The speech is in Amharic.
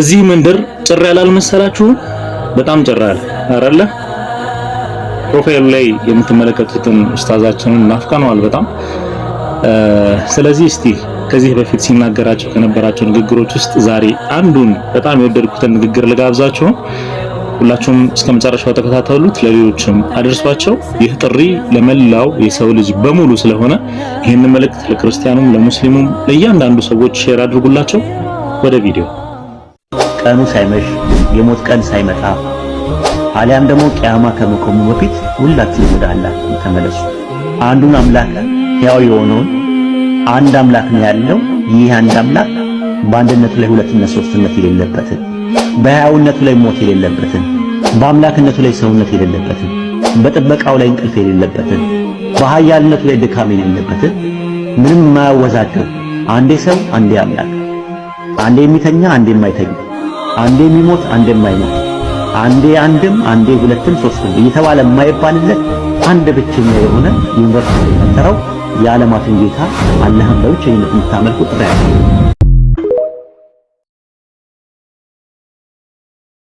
እዚህ መንደር ጭር ያለ አልመሰላችሁም? በጣም ጭር ያለ አይደለ? ፕሮፋይሉ ላይ የምትመለከቱትን ኡስታዛችንን ናፍቀነዋል በጣም። ስለዚህ እስቲ ከዚህ በፊት ሲናገራቸው ከነበራቸው ንግግሮች ውስጥ ዛሬ አንዱን በጣም የወደድኩትን ንግግር ልጋብዛችሁ። ሁላችሁም እስከ መጨረሻው ተከታተሉት፣ ለሌሎችም አድርሷቸው። ይህ ጥሪ ለመላው የሰው ልጅ በሙሉ ስለሆነ ይህን መልእክት ለክርስቲያኑም፣ ለሙስሊሙም፣ ለእያንዳንዱ ሰዎች ሼር አድርጉላቸው። ወደ ቪዲዮ ቀኑ ሳይመሽ የሞት ቀን ሳይመጣ አሊያም ደግሞ ቂያማ ከመቆሙ በፊት ሁላችሁም ወደ አላህ ተመለሱ። አንዱን አምላክ ሕያው የሆነውን አንድ አምላክ ነው ያለው። ይህ አንድ አምላክ በአንድነቱ ላይ ሁለትነት ሶስትነት የሌለበትን፣ በሕያውነቱ ላይ ሞት የሌለበትን፣ በአምላክነቱ ላይ ሰውነት የሌለበትን፣ በጥበቃው ላይ እንቅልፍ የሌለበትን፣ በኃያልነቱ ላይ ድካም የሌለበትን ምንም የማያወዛደው አንዴ ሰው አንዴ አምላክ አንዴ የሚተኛ አንዴ የማይተኛ፣ አንዴ የሚሞት አንዴ የማይሞት፣ አንዴ አንድም አንዴ ሁለትም ሶስትም እየተባለ የማይባልለት አንድ ብቸኛ የሆነ ዩኒቨርሲቲ የፈጠረው የዓለማትን ጌታ አላህን በብቸኝነት የምታመልኩ ጥራ